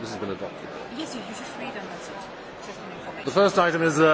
This has been adopted. Yes, you just read and that's it. The first item is